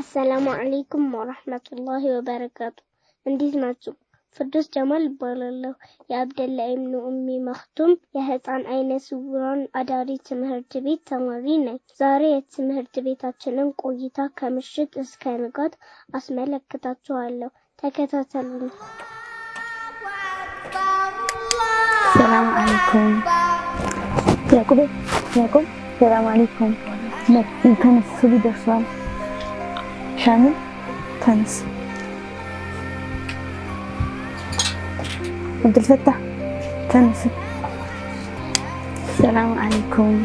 አሰላሙ አለይኩም ወረህመቱላሂ ወበረካቱ። እንዴት ናችሁ? ፍርዶስ ጀማል እባላለሁ። የአብደላ ኢብኑ ኡሚ መክቱም የህፃን አይነ ስውራን አዳሪ ትምህርት ቤት ተማሪ ነኝ። ዛሬ የትምህርት ቤታችንን ቆይታ ከምሽት እስከ ንጋት አስመለክታችኋለሁ። ተከታተሉኝ። ሰላም አለይኩም ያዕቁብ ያዕቁብ ሰላም አለይኩም። ከነሱ ደርሷል ሸሚዝ ተንስ አብዱልፈታህ ተንስ። ሰላም አለይኩም።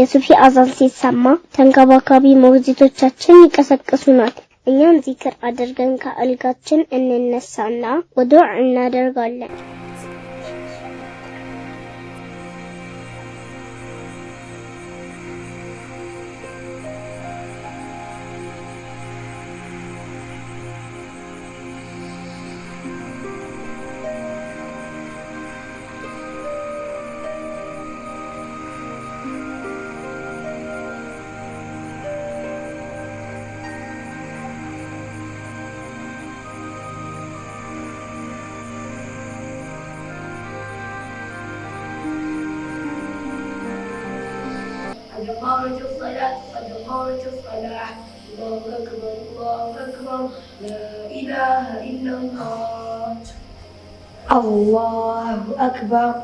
የሱፊ አዛን ሲሰማ ተንከባካቢ ሞግዚቶቻችን ይቀሰቅሱናል። እኛም ዚክር አድርገን ከአልጋችን እንነሳና ወዱዕ እናደርጋለን። إقامة الصلاة الله أكبر الله أكبر لا إله إلا الله الله أكبر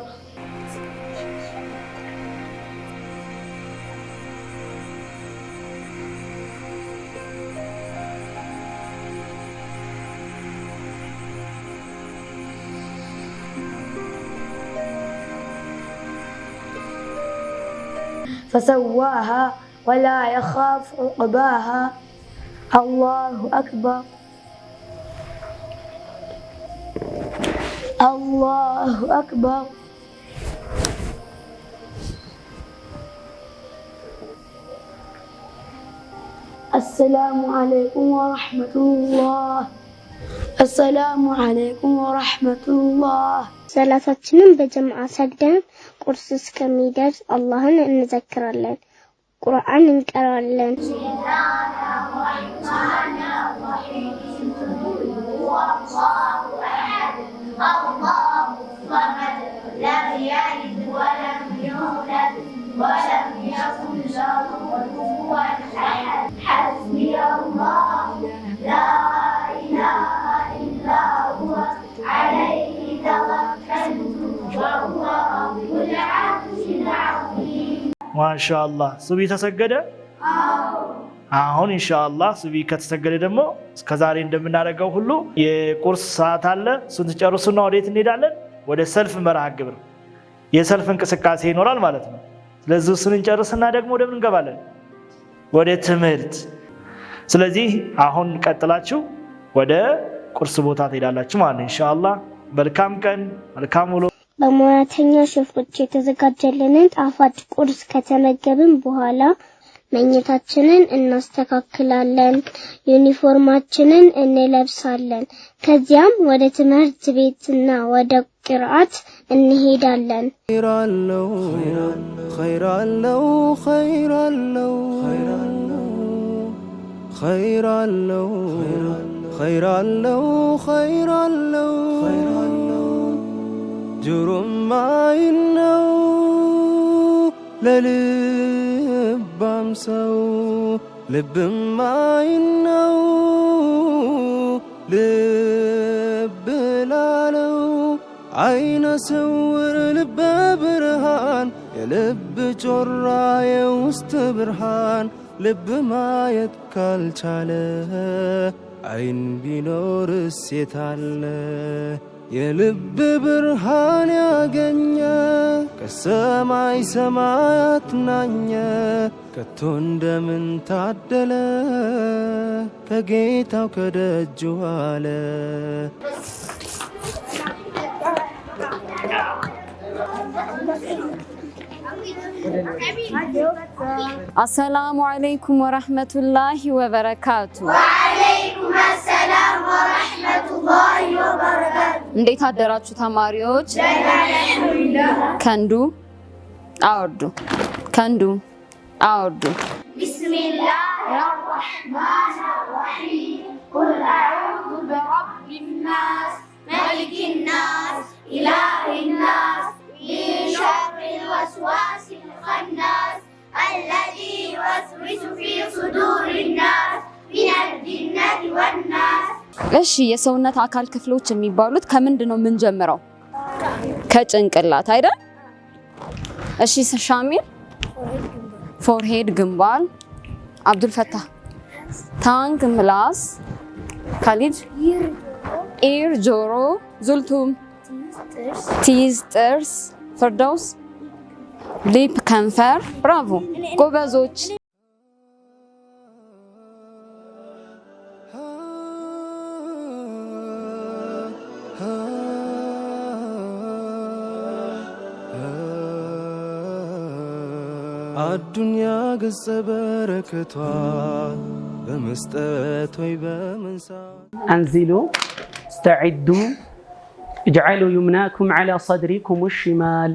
فسواها ولا يخاف عقباها الله أكبر الله أكبر السلام عليكم ورحمة الله السلام عليكم ورحمة الله من ሰላታችንን በጀማዓ ሰግደን ቁርስ እስከሚደርስ نذكر الله قرآن كرلن الله الصمد لم يلد ولم يولد ولم ማሻአላህ ሱቢ ተሰገደ። አሁን ኢንሻአላህ ሱቢ ከተሰገደ ደግሞ እስከዛሬ እንደምናደርገው ሁሉ የቁርስ ሰዓት አለ። እሱን ትጨርሱና ወዴት እንሄዳለን? ወደ ሰልፍ መርሃ ግብር የሰልፍ እንቅስቃሴ ይኖራል ማለት ነው። ስለዚህ እሱን እንጨርስና ደግሞ ወደ ምን እንገባለን? ወደ ትምህርት። ስለዚህ አሁን ቀጥላችሁ ወደ ቁርስ ቦታ ትሄዳላችሁ ማለት ነው። ኢንሻአላህ መልካም ቀን፣ መልካም ውሎ በሙያተኛ ሼፎች የተዘጋጀልንን ጣፋጭ ቁርስ ከተመገብን በኋላ መኝታችንን እናስተካክላለን፣ ዩኒፎርማችንን እንለብሳለን። ከዚያም ወደ ትምህርት ቤትና ወደ ቅርአት እንሄዳለን። ኸይራለው ኸይራለው ኸይራለው ኸይራለው ኸይራለው ጆሮም አይን ነው ለልባም ሰው ልብም አይን ነው ልብ ላለው አይነ ስውር ልበ ብርሃን የልብ ጮራ የውስጥ ብርሃን ልብ ማየት ካልቻለ አይን ቢኖርስ የታለ? የልብ ብርሃን ያገኘ ከሰማይ ሰማያት ናኘ ከቶ እንደምን ታደለ ከጌታው ከደጁ አለ። አሰላሙ አለይኩም ወረህመቱላሂ ወበረካቱ። እንዴት አደራችሁ ተማሪዎች? ከንዱ አወርዱ፣ ከንዱ አወርዱ። ቢስሚላህ ረህማን ረሂም ቁል አዑዙ ብረቢ ናስ መሊክ ናስ ኢላህ ናስ ሚን ሸር ልወስዋስ ልኸናስ አለዚ ዩወስዊሱ ፊ ሱዱር ናስ ሚን አልጅነቲ ወናስ እሺ የሰውነት አካል ክፍሎች የሚባሉት ከምንድን ነው የምንጀምረው? ከጭንቅላት አይደል? እሺ ሻሚል፣ ፎርሄድ ግንባር፣ አብዱልፈታህ ታንክ፣ ምላስ፣ ካሊድ፣ ኢር፣ ጆሮ፣ ዙልቱም፣ ቲዝ፣ ጥርስ፣ ፍርደውስ፣ ሊፕ፣ ከንፈር። ብራቮ ጎበዞች። الدنيا قصة በረከቷ በመስጠት ወይ أنزلوا استعدوا اجعلوا يمناكم على صدركم الشمال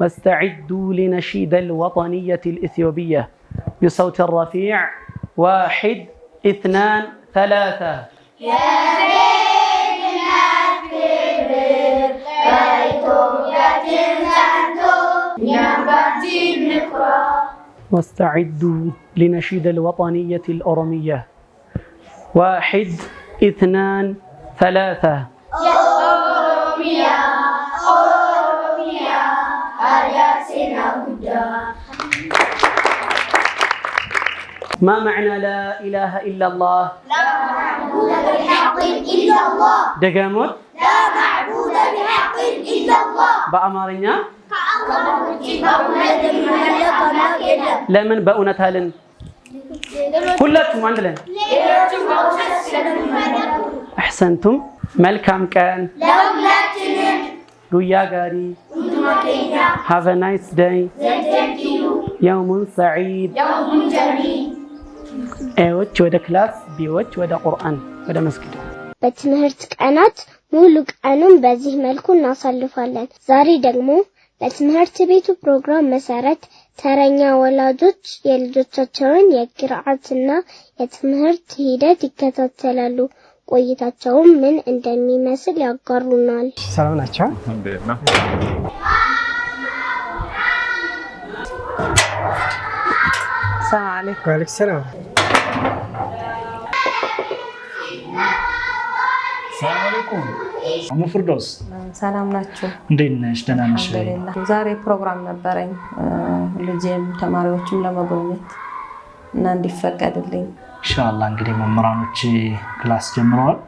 واستعدوا لنشيد الوطنية الإثيوبية بصوت الرفيع واحد اثنان ثلاثة يا واستعدوا لنشيد الوطنية الأرمية واحد اثنان ثلاثة أرمية أرمية أرياسنا ما معنى لا إله إلا الله؟ لا معبود بحق إلا الله دقامون لا معبود بحق إلا الله بأمارنا ለምን በእውነት አልን? ሁላችሁም አንድ ላይ አሕሰንቱም። መልካም ቀን ለሁላችንም። ጉያ ጋሪ ሃቭ አ ናይስ ደይ የውሙን ሰዒድ። ኤዎች ወደ ክላስ፣ ቢዎች ወደ ቁርአን፣ ወደ መስጊድ። በትምህርት ቀናት ሙሉ ቀኑን በዚህ መልኩ እናሳልፋለን። ዛሬ ደግሞ በትምህርት ቤቱ ፕሮግራም መሰረት ተረኛ ወላጆች የልጆቻቸውን የቅርአትና የትምህርት ሂደት ይከታተላሉ። ቆይታቸውም ምን እንደሚመስል ያጋሩናል። ሰላም ናቸው። ሰላም አለይኩም አሙ ፍርዶስ ሰላም ናችሁ? እንዴት ነሽ? ደህና ነሽ? ዛሬ ፕሮግራም ነበረኝ ልጄም ተማሪዎችም ለመጎብኘት እና እንዲፈቀድልኝ እንሻላ እንግዲህ መምህራኖች ክላስ ጀምረዋል።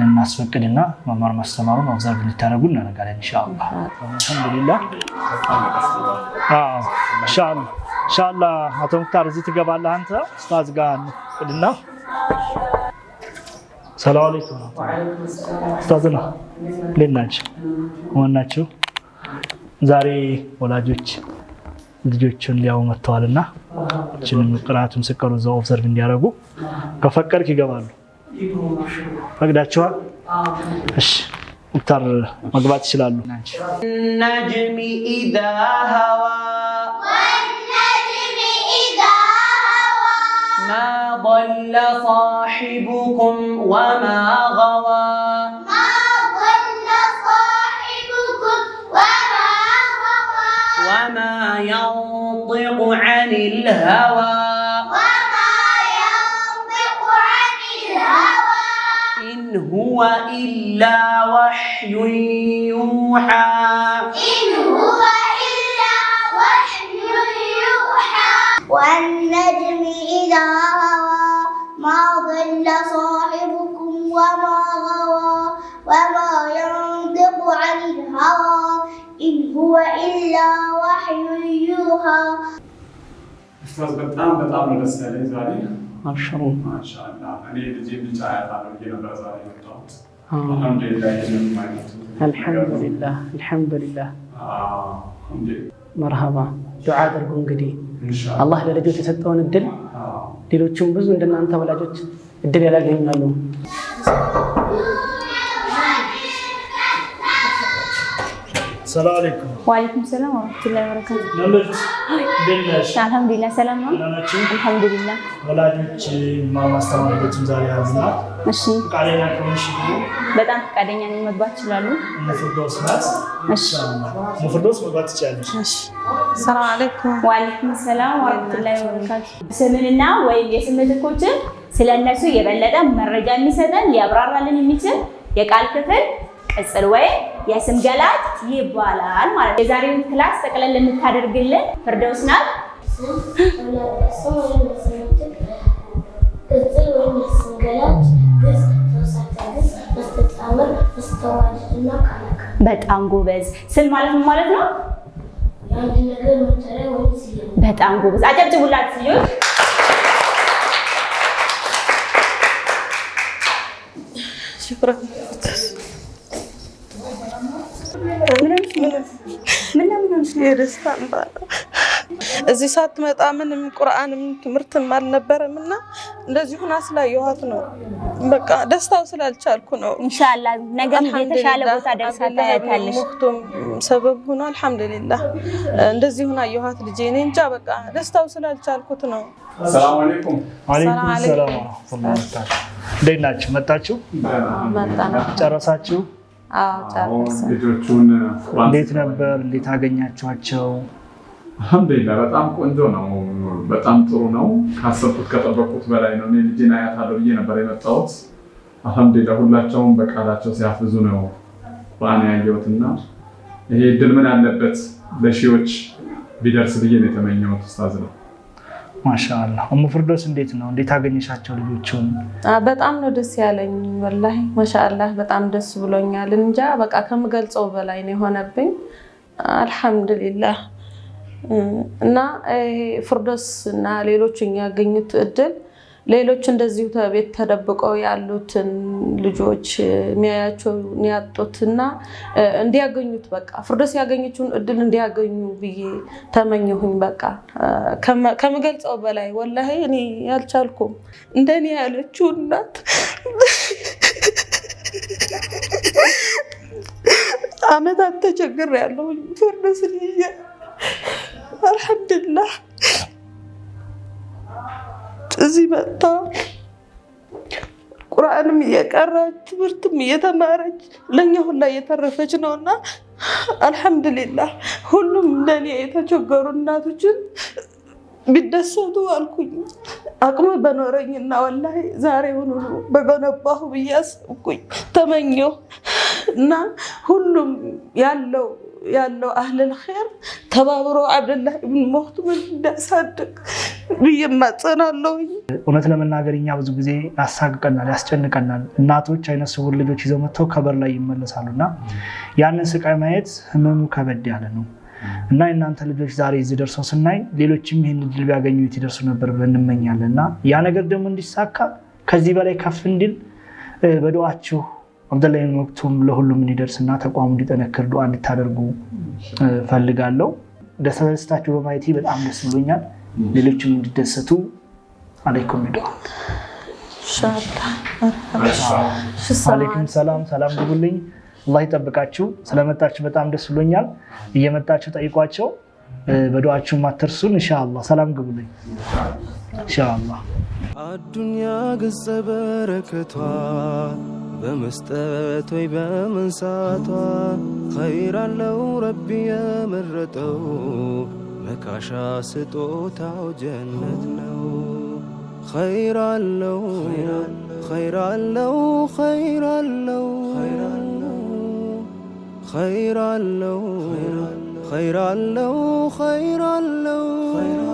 እናስፈቅድና መማር ማስተማሩን ኦብዘርቭ እንዲታደረጉ እናደርጋለን። እንሻላ አልሐምዱሊላ አቶ ሙክታር እዚህ ትገባለህ አንተ ስታዝ ጋር እንፈቅድና ሰላም አለይኩም። ኡስታዝና እንዴት ናችሁ? ዋናችሁ ዛሬ ወላጆች ልጆቹን ሊያው መጥተዋልና እችንም ቅራአቱን ስቀሩ እዛው ኦብዘርቭ እንዲያደርጉ ከፈቀድክ ይገባሉ። ፈቅዳችኋል? እሺ ሙክታር መግባት ይችላሉ። ነጅሚ ኢዛ ሀዋ ما ضل صاحبكم وما غوى ما ضل صاحبكم وما غوى وما ينطق عن الهوى وما ينطق عن الهوى إن هو إلا وحي يوحى إن هو إلا وحي يوحى والنجم ما ضل صاحبكم وما غوى وما ينطق عن الهوى إن هو إلا وحي يوحى أستاذ بتام بتام رسالة زاري ما شاء الله ما شاء الله آية آه. الحمد لله الحمد لله آه، مرحبا دعاء القنقدي الله الله لا تستطيعون الدل ሌሎችም ብዙ እንደናንተ ወላጆች እድል ያላገኛሉ። ሰላም አለይኩም። ወአለይኩም ሰላም ወራህመቱላሂ ወበረካቱ። አልሐምዱሊላህ ሰላም ነው። አልሐምዱሊላህ ወላጆች ማስተማሪያዎችም ዛሬ ያዝና እሺ፣ ፈቃደኛ ከሆንሽ በጣም ፈቃደኛ ነኝ። መግባት ይችላሉ። ሙፍርዶስ ናት። እሺ፣ ሙፍርዶስ መግባት እሺ፣ ሰላም አለይኩም። ወአለይኩም ሰላም ወራህመቱላሂ ወበረካቱ። ስምንና ወይም የስም ምልክቶችን ስለነሱ የበለጠ መረጃ የሚሰጠን ሊያብራራልን የሚችል የቃል ክፍል ቅጽል ወይም የስም ገላጭ ይባላል ማለት ነው። የዛሬውን ክላስ ጠቅለን የምታደርግልን ፍርደውስ ናት። በጣም ጎበዝ። ስል ማለት ምን ማለት ነው? በጣም ጎበዝ። አጨብጭቡላት ልጆች። ሽኩራን የደስታ እንባ ነው። እዚህ ሳትመጣ ምንም ቁርአንም ትምህርትም አልነበረም እና እንደዚህ ሁና ስላየኋት ነው በቃ ደስታው ስላልቻልኩ ነው። ኢንሻላ ነገር የተሻለ ቦታ ደርሳ ታያታለሽ። ሙክቱም ሰበብ ሆኖ አልሐምዱሊላህ እንደዚህ ሁና አየኋት ልጄ። እኔ እንጃ በቃ ደስታው ስላልቻልኩት ነው። ሰላም አለይኩም። አለይኩም እንዴት ናችሁ? መጣችሁ? ጨረሳችሁ? ልጆቹን እንዴት ነበር? እንዴት አገኛችኋቸው? አልሐምዱሊላህ በጣም ቆንጆ ነው። በጣም ጥሩ ነው። ካሰብኩት ከጠበቁት በላይ ነው። እኔ ልጄን አያታለሁ ብዬ ነበር የመጣሁት። አልሐምዱሊላህ ሁላቸውም በቃላቸው ሲያፍዙ ነው በአን ያየሁትና ይሄ እድል ምን አለበት ለሺዎች ቢደርስ ብዬ ነው የተመኘሁት። ኡስታዝ ነው ማሻአላ እሙ ፍርዶስ እንዴት ነው? እንዴት አገኘሻቸው ልጆቹን? በጣም ነው ደስ ያለኝ ወላሂ ማሻላ በጣም ደስ ብሎኛል። እንጃ በቃ ከምገልጸው በላይ ነው የሆነብኝ። አልሐምዱሊላህ እና ፍርዶስ እና ሌሎቹ ያገኙት እድል ሌሎች እንደዚሁ ቤት ተደብቀው ያሉትን ልጆች የሚያያቸውን ያጡትና እንዲያገኙት በቃ ፍርዶስ ያገኘችውን እድል እንዲያገኙ ብዬ ተመኘሁኝ። በቃ ከምገልጸው በላይ ወላሂ እኔ ያልቻልኩም እንደኔ ያለችው እናት አመታት ተቸግሬያለሁኝ ፍርዶስን ይዤ አልሐምዱሊላህ እዚህ መጣ ቁርአንም እየቀራች ትምህርትም እየተማረች ለእኛ ሁላ እየተረፈች ነው እና አልሐምዱሊላህ ሁሉም ለእኔ የተቸገሩ እናቶችን ቢደሰቱ አልኩኝ። አቅም በኖረኝ እና ወላሂ ዛሬ ሁሉ በገነባሁ ብዬ አሰብኩኝ ተመኘሁ እና ሁሉም ያለው ያለው አህለል ኸይር ተባብሮ አብደላህ ብን መክቱምን እንዳሳድግ ብዬ እማጸናለሁ። እውነት ለመናገር እኛ ብዙ ጊዜ ያሳቅቀናል፣ ያስጨንቀናል። እናቶች አይነ ስውር ልጆች ይዘው መጥተው ከበር ላይ ይመለሳሉ እና ያንን ስቃይ ማየት ህመሙ ከበድ ያለ ነው እና የእናንተ ልጆች ዛሬ እዚህ ደርሰው ስናይ ሌሎችም ይህን ይደርሱ ነበር እንመኛለን እና ያ ነገር ደግሞ እንዲሳካ ከዚህ በላይ ከፍ እንዲል በዱዓችሁ አብደላይ ለሁሉም ተቋሙ እንዲጠነክር ዱዓ እንድታደርጉ ፈልጋለሁ። ደስታችሁ በማየት በጣም ደስ ብሎኛል። ሌሎችም እንዲደሰቱ አለይኩም ዱዓ። አለይኩም ሰላም ሰላም ግቡልኝ። አላህ ይጠብቃችሁ። ስለመጣችሁ በጣም ደስ ብሎኛል። እየመጣችሁ ጠይቋቸው፣ በዱዓችሁ አትርሱን። እንሻላ ሰላም ግቡልኝ። እንሻላ አዱኒያ ገጸ በረከቷ በመስጠት ወይ በመንሳቷ ኸይር አለው ረቢ የመረጠው لكاشا ستوتا وجنتنا خير الله خير الله خير الله خير الله خير الله خير الله خير الله خير الله